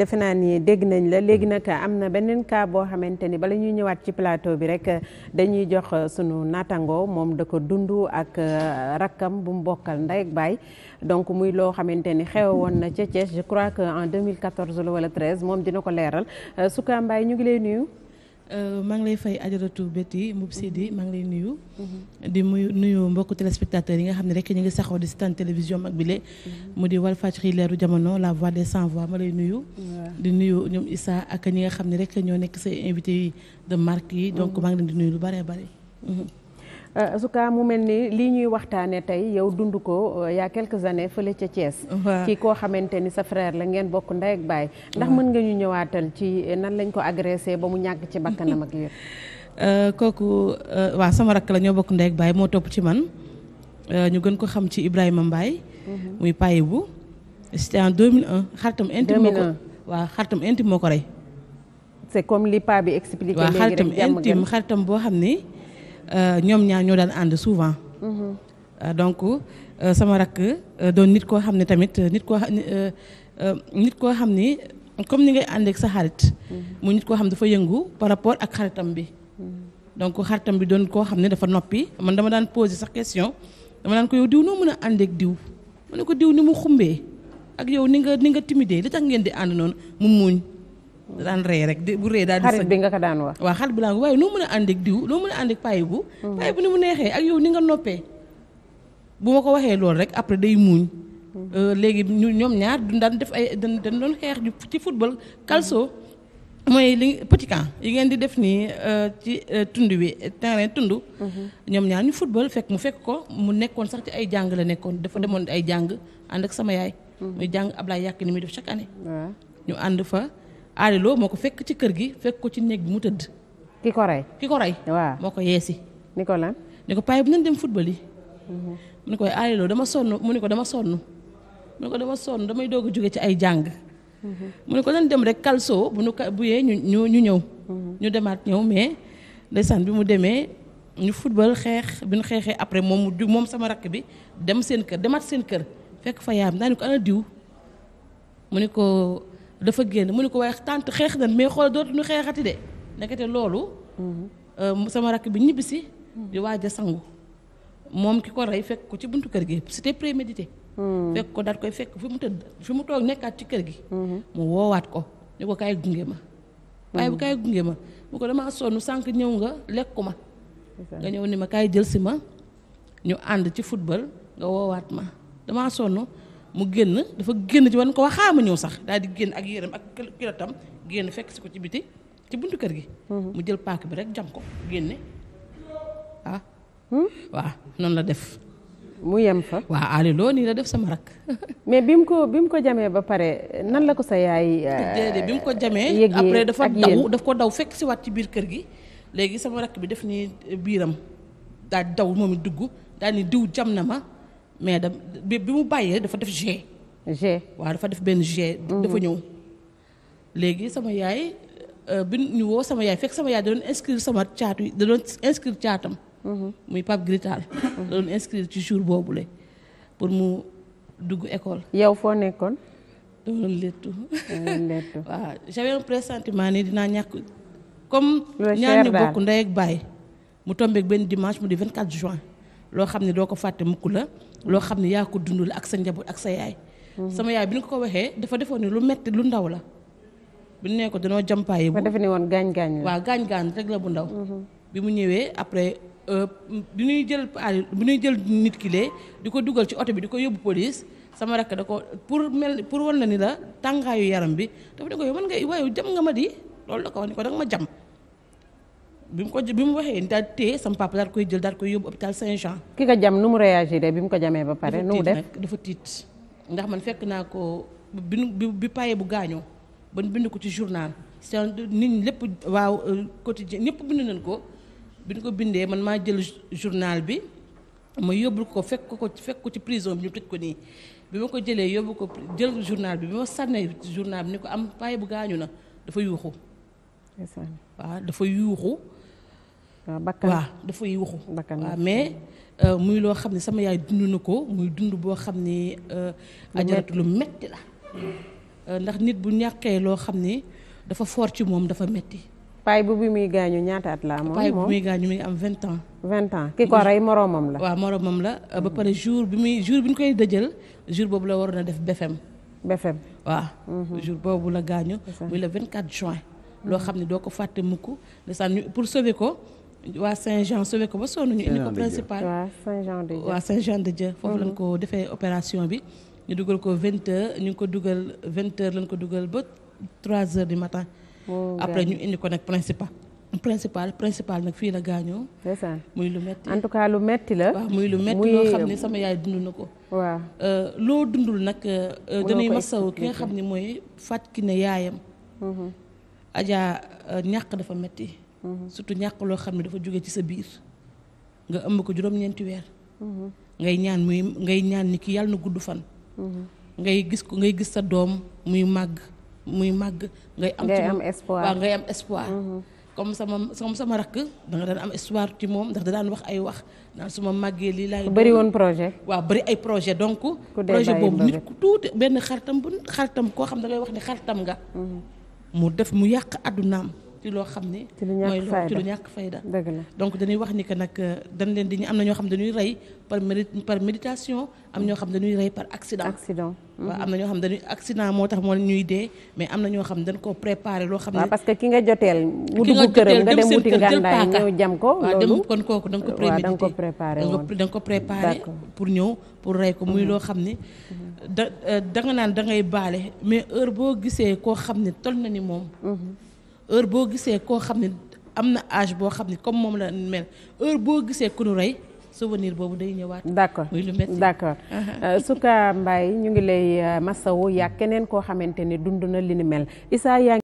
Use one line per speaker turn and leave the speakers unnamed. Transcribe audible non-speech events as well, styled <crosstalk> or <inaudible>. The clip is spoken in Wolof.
defe naa ni dégg nañ la léegi nag am na beneen kaa boo xamante ni bala ñuy ñëwaat ci plateau bi rek dañuy jox sunu naataango moom da ko dund ak euh, rakkam bu mu bokkal ndey baay donc muy loo xamante ni xew woon na ca Thiès je crois que en 2014 la wala 13 moom dina ko leeral euh, Souka Mbaye ñu ngi lay nuyu. Euh, maa ngi
lay fay ajaratu Betty Mboub Sidi maa ngi lay nuyu. Mm-hmm. di muy nuyu mbokk téléspectateurs yi nga xam ne rek ñi ngi saxoo di seetaan télévision mag bile. Mm-hmm. mu di Walfadjri leeru jamono la voix des sans voix ma lay nuyu. di nuyu ñoom Issa ak ñi nga xam ne rek ñoo nekk say invités yi de marque yi donc mm-hmm. maa ngi leen di nuyu lu bëree bëri.
Euh, Azuka mu mel ni lii ñuy waxtaanee tey yow dund ko euh, y a quelques fële ca Thiès. ci koo xamante ni sa frère la ngeen bokk ndey ak ndax mën nga ñu ñëwaatal ci euh, nan lañ ko agressé ba mu ñàkk ci bakkanam ak yëpp.
<laughs> kooku waa sama rakk la ñoo bokk ndey ak moo topp ci man ñu gën ko xam ci Ibrahima Mbaye mhm. muy payi bu c'était en 2001 xaritam intime moo ko waaw xaritam intime moo ko rey.
c'est comme li pa bi expliqué. léegi rek jàmm xaritam intime
xaritam boo xam ni. Euh, ñoom ñaar ñoo daan ànd souvent. Mhm. Euh, donc euh, sama rakk doon nit koo xam ne tamit nit koo nit koo xam ni comme ni ngay àndeek sa xarit. Mhm. mu nit koo xam dafa yëngu par rapport ak xaritam bi. Mhm. donc xaritam bi doon koo xam ne dafa noppi man dama daan poser sax question dama daan ko yow diw noo mën a àndeek diw. ma ne ko diw ni mu xumbee ak yow ni nga ni nga timidee li tax ngeen di ànd noonu mu muuñ. daan ree rek bu ree daal di xarit bi nga daan wax waaw xarit bi laa ko waaye noo mën a ànd ak diw noo mën a ànd ak bu hmm. payi ak yow ni nga noppee bu ko waxee loolu rek après day muuñ hmm. euh, léegi ñu ñoom ñaar du def ay dañ dañ doon xeex ci football calcio mooy li ngeen di def nii euh, ci euh, tund bi terrain tund hmm. ñoom ñaar ñu fekk mu fekk ko mu nekkoon sax ci ay jàng nekkoon dafa demoon ay jàng ànd ak sama yaay muy jàng Ablaye yàq ni muy def chaque année ñu ànd fa Aliloo moo ko fekk ci kër gi fekk ko ci néeg bi mu tëdd. ki ko rey ki ko rey. waaw moo ko yeesi. ni ko lan ni ko paay bu nañ dem football yi. Mhm. mu ne ko dama sonn mu ne ko dama sonn mu ko dama sonn damay doog jóge ci ay jàng. Mhm. mu ne ko nañ dem rek kalso bu nu ka buyee ñu ñu ñu ñëw. Mhm. ñu demaat ñëw mais ndeysaan bi mu demee ñu football xeex bi ñu xeexee après moom mu ju moom sama rakk bi dem seen kër demaat seen kër fekk fa yaayam naa ne ko ana diw mu ne ko. dafa génn mu ne ko waaye tànt xeex na mais xool dootuñu xeexati de ndekete loolu. Mhm. Euh, sama rakk bi ñibbisi. di waaj sangu. moom ki ko rey fekk ko ci buntu kër gi c'était prémédité. Mhm. fekk ko daal koy fekk fi mu tëdd fi mu toog nekkaat ci kër gi. Mhm. mu woowaat ko ni ko kaay gunge ma. waaye bu kaay gunge ma bu ko damaa sonn sànq ñëw nga lekku ma. nga ñëw ni ma kaay jël si ma ñu ànd ci football nga woowaat ma damaa sonn. mu génn dafa génn ci wan ko wax xaama ñëw sax daal di génn ak yéram ak kilotam génn fekk si ko ci biti ci buntu kër gi. Mhm. mu jël paaka bi rek jam ko génne
ah. Hmm?
waaw noonu la def. mu yem fa. waaw Aliou nii la def sama
rakk <laughs> mais bi mu ko bi mu ko jamee ba pare nan la ko sa yaay. <laughs> Euh, bi mu ko jamee après dafa daw
daf ko daw fekk si waat ci biir kër gi. léegi sama rakk bi def nii biiram daal daw moom dugg daal ni diw jam na ma. mais da bi bi mu bàyyee dafa def G. G waaw dafa def benn G. dafa mm. ñëw léegi sama yaay euh, bi ñu woo sama yaay fekk sama yaay da doon inscrire sama caatu da doon inscrire caatam. Mm-hmm. muy Pape Grital. Mm-hmm. da doon inscrire ci pour mu dugg école. yow foo nekkoon. dama doon léttu. léttu <laughs> dinaa ñàkk. comme ñaar ñu bokk baay mu tombeek benn dimanche mu di 24 juin loo xam ne doo ko fàtte mukk la. loo xam ne yaa ko dundul ak sa njaboot ak sa yaay. Mhm. sama yaay bi ñu ko ko waxee dafa defoon ni lu metti lu ndaw la. bi ñu ko danoo jàmpaayi bu ma defe ne woon gaañ gaañ la waaw gaañ gaañ rek la bu ndaw. Mhm. bi mu ñëwee après euh, bi ñuy jël bi ñuy jël nit ki lee di ko dugal ci oto bi di ko yóbbu police sama rakk da ko pour mel pour wan la ni la tàngaayu yaram bi dafa ne ko yow man ngay wayu jam nga ma di loolu la ko wax ni ko danga ma jam. bi mu ko bi mu waxee daal téye sama papa daal koy jël daal koy yóbbu hôpital Saint-Jean.
ki ko jam nu mu réagir bi mu ko jamee ba pare. nu mu def dafa tiit
ndax man fekk naa ko bi bi paye bu gaañoo ba bind ko ci journal seen nit lépp waaw euh, quotidien ñëpp bind nañ ko bi ñu ko bindee man maa jël journal bi ma yóbbul ko fekk ko fekk ci prison bi ñu tëj ko nii bi ma ko jëlee yóbbu ko jël journal bi bi ma sànnee journal bi ni ko am paye bu gaañu na dafa yuuxu. waaw dafa yuuxu. bakkan waaw dafa yuuxu waaw mais euh, muy loo xam ne sama yaay dund na ko muy dund boo xam ne euh, ajaratu lu metti la euh, ndax nit bu ñàkkee loo xam ne dafa fort ci moom dafa metti paay bu bi muy gaañu ñaata at la amoon paay bu muy gaañu mi am vingt ans vingt ans ki ko rey moroomam la waaw moroomam la ba mm. pare jour bi muy jour bi ñu koy dëjël jour boobu la waroon a def befem befem waaw mm-hmm. jour boobu la gaañu muy le vingt quatre juin mm-hmm. loo xam ne doo ko fàtte mukk ndeysaan ñu pour sauver ko waa Saint-Jean sauvé ko ba sonn ñu indi ko principal
waa Saint-Jean
de Dieu waa foofu mhm. lañ ko defee opération bi ñu dugal ko vingt heures ñu ngi ko dugal vingt heures lañ ko dugal ba trois heures du matin après ñu indi ko nag principal principal principal nag fii la gaañoo. ndeysaan muy lu metti en tout cas lu metti la. muy lu metti loo xam ne sama yaay dund na ko. waaw euh, loo dundul nag. Euh, dañuy masawu ki nga xam ne mooy fàtt ki ne yaayam. Mhm. Adja euh, ñàkk dafa metti surtout ñàkk loo xam ne dafa jóge ci sa biir nga ëmb ko juróom-ñeenti weer. ngay ñaan muy ngay ñaan ni ki yàlla na gudd fan. ngay gis ko ngay gis sa doom muy màgg muy màgg. ngay am ci espoir waaw am espoir. comme sama comme sama rakk da nga daan am espoir ci moom ndax da wax ay wax naan su ma màggee lii laay. bëri woon projet. waaw bëri ay projet donc. projet boobu nit ku tuuti benn xaritam bu xaritam koo xam da wax ni xaritam nga. Mm-hmm. mu def mu yàq àddunaam ci loo xam ne mooy loo ci lu ñàkk fayda donc dañuy wax ni que nag euh, dañ leen di ñu am na ñoo xam dañuy rey par méditation am ñoo xam dañuy rey par accident accident mhm. am na ñoo xam dañuy accident moo tax moo ne
parce que ki nga joteel mu dugg këram nga dem wuti ngàndaay ñëw
jam ko waaw dem kon kooku da nga ko prémédité da ko préparé da pour ñëw pour rey ko muy mhm. loo xam ne
mhm.
da euh, da nga naan da ngay baale mais heure boo gisee koo xam ne tol na ni moom heure boo gisee koo xam ne am na age boo xam ne comme moom la mel heure boo gisee ku nu rey souvenir boobu day ñëwaat. d'accord muy lu métti d'accord. <laughs>
Uh-huh. Euh, Souka Mbaye ñu ngi lay euh, masawu yaa keneen koo xamante ne dund na li ni mel Issa